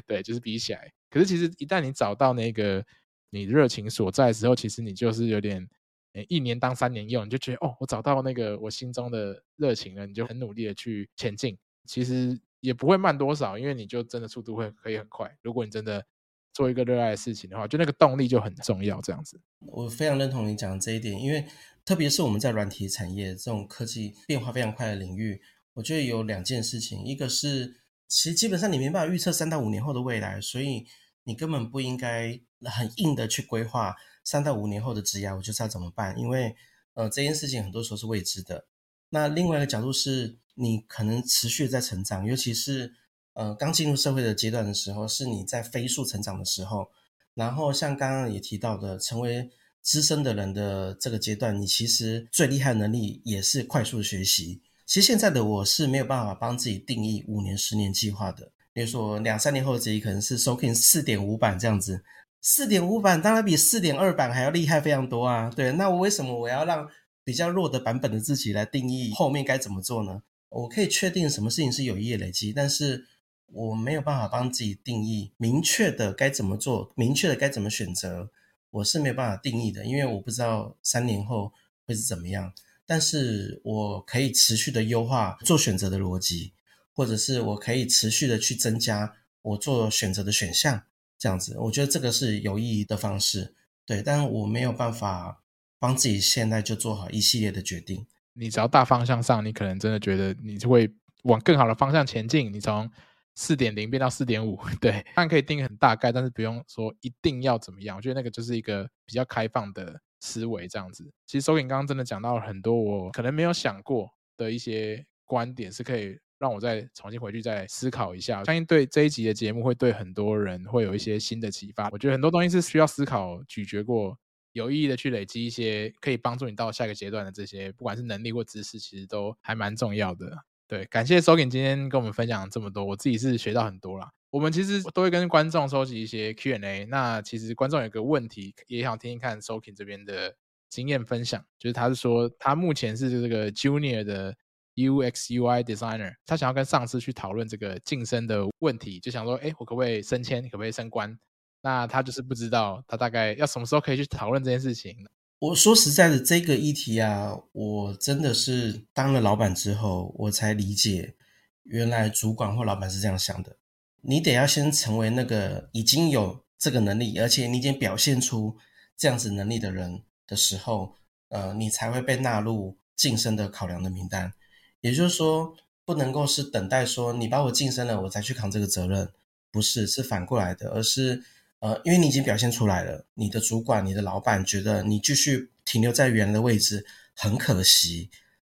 對，就是比起來。可是其實一旦你找到那個你熱情所在的時候，其實你就是有點。一年當三年用，你就覺得哦，我找到那個我心中的熱情了，你就很努力的去前進。其實也不會慢多少，因為你就真的速度會可以很快。如果你真的做一個熱愛的事情的話，就那個動力就很重要。這樣子，我非常認同你講的這一點，因為特別是我們在軟體產業這種科技變化非常快的領域，我覺得有兩件事情，一個是其實基本上你沒辦法預測三到五年後的未來，所以你根本不應該很硬的去規劃。三到五年後的職涯，我就知道怎麼辦，因為，呃，這件事情很多時候是未知的。那另外一個角度是，你可能持續在成長，尤其是，呃，剛進入社會的階段的時候，是你在飛速成長的時候。然後，像剛剛也提到的，成為資深的人的這個階段，你其實最厲害的能力也是快速學習。其實現在的我是沒有辦法幫自己定義五年、十年計劃的。比如說，兩三年後的自己可能是收薪四點五萬這樣子。四點五版當然比四點二版還要厲害非常多啊！對，那我為什麼我要讓比較弱的版本的自己來定義後面該怎麼做呢？我可以確定什麼事情是有意義累積，但是我沒有辦法幫自己定義明確的該怎麼做，明確的該怎麼選擇，我是沒有辦法定義的，因為我不知道三年後會是怎麼樣。但是我可以持續的優化做選擇的邏輯，或者是我可以持續的去增加我做選擇的選項。這樣子，我覺得這個是有意義的方式，對。但我沒有辦法幫自己現在就做好一系列的決定。你只要大方向上，你可能真的覺得你就會往更好的方向前進。你從四點零變到四點五，對，但可以定個很大概，但是不用說一定要怎麼樣。我覺得那個就是一個比較開放的思維，這樣子。其實 Soking 剛剛真的講到了很多我可能沒有想過的一些觀點，是可以。讓我再重新回去再思考一下，相信對這一集的節目會對很多人會有一些新的啟發。我覺得很多東西是需要思考、咀嚼過，有意義的去累積一些可以幫助你到下一個階段的這些，不管是能力或知識，其實都還蠻重要的。對，感謝 Soking 今天跟我們分享這麼多，我自己是學到很多啦。我們其實都會跟觀眾收集一些 Q&A，那其實觀眾有個問題也想聽聽看 Soking 這邊的經驗分享，就是他是說他目前是這個 Junior 的 U X U I Designer，他想要跟上司去討論這個晉升的問題，就想說：哎、欸，我可不可以升遷？你可不可以升官？那他就是不知道，他大概要什麼時候可以去討論這件事情。我說實在的，這個議題啊，我真的是當了老闆之後，我才理解，原來主管或老闆是這樣想的。你得要先成為那個已經有這個能力，而且你已經表現出這樣子能力的人的時候，呃，你才會被納入晉升的考量的名單。也就是說，不能夠是等待說你把我晉升了，我再去扛這個責任，不是，是反過來的，而是，呃，因為你已經表現出來了，你的主管、你的老闆覺得你繼續停留在原來的位置很可惜，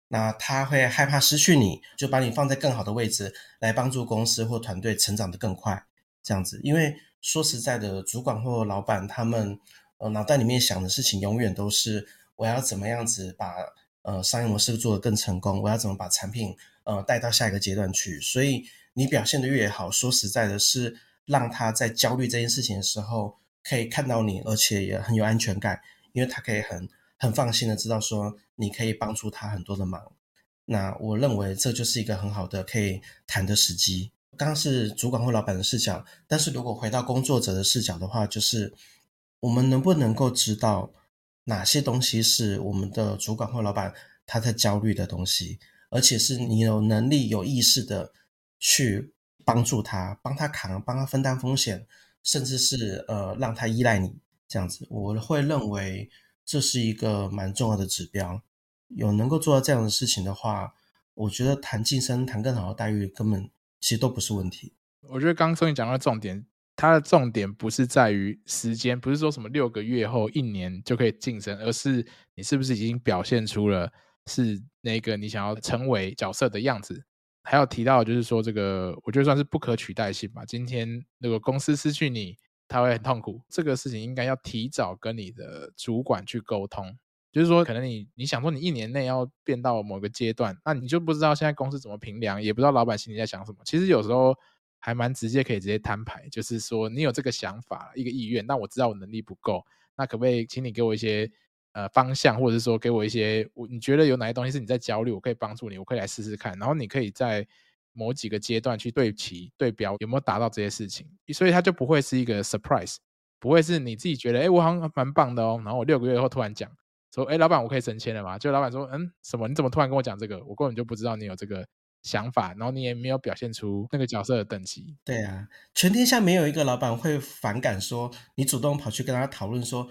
那他會害怕失去你，就把你放在更好的位置來幫助公司或團隊成長得更快，這樣子。因為說實在的，主管或老闆他們，呃，腦袋裡面想的事情永遠都是我要怎麼樣子把。呃，商業模式做得更成功，我要怎麼把產品呃帶到下一個階段去？所以你表現得越好，說實在的，是讓他在焦慮這件事情的時候可以看到你，而且也很有安全感，因為他可以很很放心的知道說你可以幫助他很多的忙。那我認為這就是一個很好的可以談的時機。剛剛是主管或老板的視角，但是如果回到工作者的視角的話，就是我們能不能夠知道？哪些東西是我們的主管或老闆他在焦慮的東西，而且是你有能力、有意識的去幫助他、幫他扛、幫他分擔風險，甚至是呃讓他依賴你這樣子，我會認為這是一個蠻重要的指標。有能夠做到這樣的事情的話，我覺得談晉升、談更好的待遇，根本其實都不是問題。我覺得剛剛終於講到重點。它的重點不是在於時間，不是說什麼六個月後、一年就可以晉升，而是你是不是已經表現出了是那個你想要成為角色的樣子。還有提到就是說，這個我覺得算是不可取代性吧。今天那個公司失去你，他會很痛苦。這個事情應該要提早跟你的主管去溝通，就是說，可能你你想說你一年內要變到某個階段，那你就不知道現在公司怎麼評量，也不知道老板心裡在想什麼。其實有時候。還蠻直接，可以直接攤牌，就是說你有這個想法，一個意願，那我知道我能力不夠，那可不可以請你給我一些呃方向，或者是說給我一些我你覺得有哪些東西是你在焦慮，我可以幫助你，我可以來試試看，然後你可以在某幾個階段去對齊對標，有沒有達到這些事情，所以他就不會是一個 surprise，不會是你自己覺得哎、欸、我好像蠻棒的哦，然後我六個月後突然講說哎、欸、老板我可以升遷了嗎？就老板說嗯什麼你怎麼突然跟我講這個，我根本就不知道你有這個。想法，然後你也沒有表現出那個角色的等級。對啊，全天下沒有一個老板會反感說你主動跑去跟他討論說，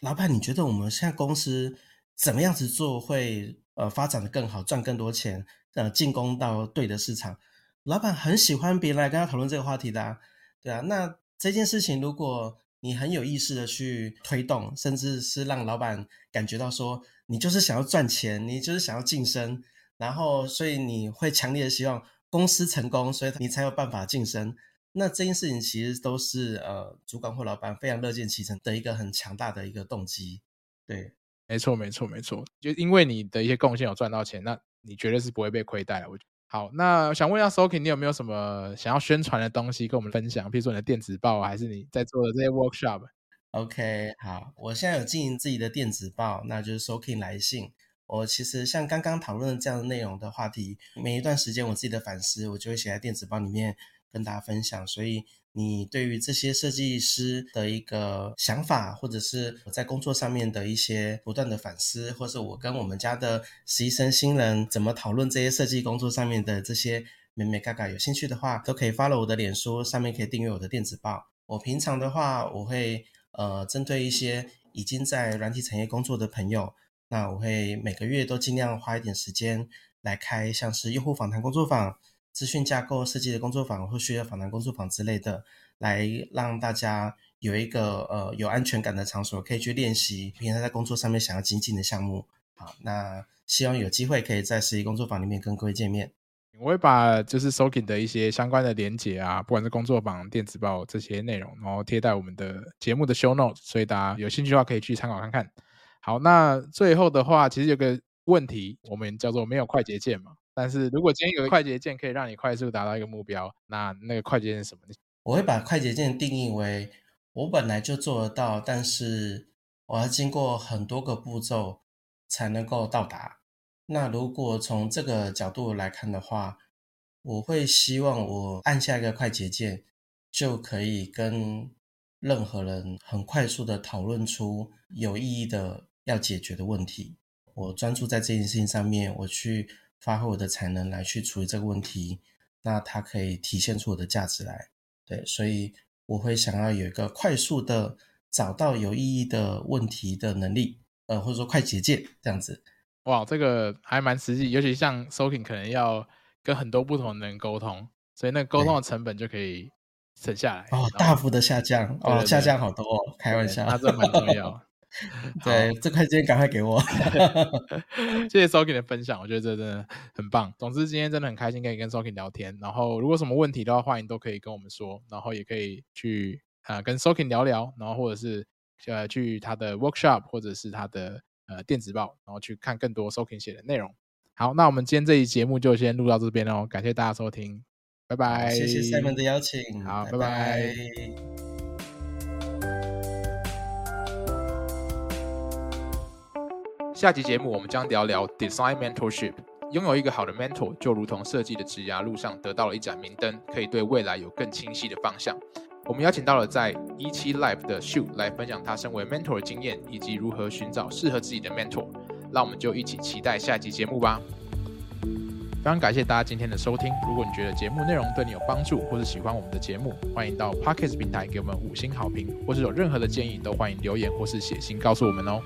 老板，你覺得我們現在公司怎麼樣子做會呃發展得更好，賺更多錢，呃，進攻到對的市場。老板很喜歡別人來跟他討論這個話題的啊，對啊。那這件事情，如果你很有意識的去推動，甚至是讓老板感覺到說你就是想要賺錢，你就是想要晉升。然後，所以你會強烈的希望公司成功，所以你才有辦法晉升。那這件事情其實都是呃主管或老板非常樂見其成的一個很強大的一個動機。對，沒錯，沒錯，沒錯。就因為你的一些貢獻有賺到錢，那你絕對是不會被虧待了，我覺得。好，那想問一下 Soking，你有沒有什麼想要宣傳的東西跟我們分享？譬如說你的電子報，還是你在做的這些 workshop？OK，okay，好，我現在有經營自己的電子報，那就是 Soking 來信。我其實像剛剛討論的這樣的內容的話題，每一段時間我自己的反思，我就會寫在電子報裡面跟大家分享。所以你對於這些設計師的一個想法，或者是我在工作上面的一些不斷的反思，或者是我跟我們家的實習生新人怎麼討論這些設計工作上面的這些美美嘎嘎，有興趣的話都可以 follow 我的臉書上面，可以訂閱我的電子報。我平常的話，我會呃針對一些已經在軟體產業工作的朋友，那我會每個月都盡量花一點時間來開像是用戶訪談工作坊、資訊架構設計的工作坊、或需要訪談工作坊之類的，來讓大家有一個呃有安全感的場所可以去練習平常在工作上面想要精進的項目。好，那希望有機會可以在實體工作坊裡面跟各位見面。我會把就是 Soking 的一些相關的連結啊，不管是工作坊、電子報這些內容，然後貼在我們的節目的 show notes，所以大家有興趣的話可以去參考看看。好，那最後的話，其實有個問題，我們叫做沒有快捷鍵嘛？但是如果今天有個快捷鍵可以讓你快速達到一個目標，那那個快捷鍵是什麼呢？我會把快捷鍵定義為我本來就做得到，但是我要經過很多個步驟才能夠到達。那如果從這個角度來看的話，我會希望我按下一個快捷鍵，就可以跟任何人很快速的討論出有意義的。要解決的問題，我專注在這件事情上面，我去發揮我的才能來去處理這個問題，那它可以體現出我的價值來。對，所以我會想要有一個快速的找到有意義的問題的能力，呃，或者說快捷鍵這樣子。哇，這個還蠻實際，尤其像 Soking，可能要跟很多不同的人溝通，所以那個溝通的成本就可以省下來對後、哦、大幅的下降後哦，對對下降好多，哦。開玩笑，那這蠻重要。 [LAUGHS] [LAUGHS] 對，嗯、這塊今天趕快給我。 [LAUGHS] 謝謝 Soking 的分享，我覺得這真、真的很棒。總之今天真的很開心可以跟 Soking 聊天。然後如果什麼問題的話，歡迎都可以跟我們說。然後也可以去啊、呃、跟 Soking 聊聊，然後或者是呃去他的 workshop，或者是他的呃電子報，然後去看更多 Soking 寫的內容。好，那我們今天這期節目就先錄到這邊嘍、哦，感謝大家收聽，拜拜。謝謝 Simon 的邀請，好，拜拜。拜拜下集節目我們將聊聊 Design Mentorship。擁有一個好的 Mentor 就如同設計的職涯路上得到了一盞明燈，可以對未來有更清晰的方向。我們邀請到了在17 Live 的 Shoot 來分享他身為 Mentor 的經驗，以及如何尋找適合自己的 Mentor。那我們就一起期待下集節目吧。非常感謝大家今天的收聽。如果你覺得節目內容對你有幫助，或是喜歡我們的節目，歡迎到 Podcast 平台給我們五星好評，或是有任何的建議，都歡迎留言或是寫信告訴我們哦。